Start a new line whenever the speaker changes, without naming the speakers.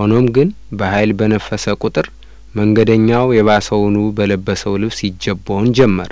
ሆኖም ግን በኃይል በነፈሰ ቁጥር መንገደኛው የባሰውኑ በለበሰው ልብስ ይጀቦን ጀመር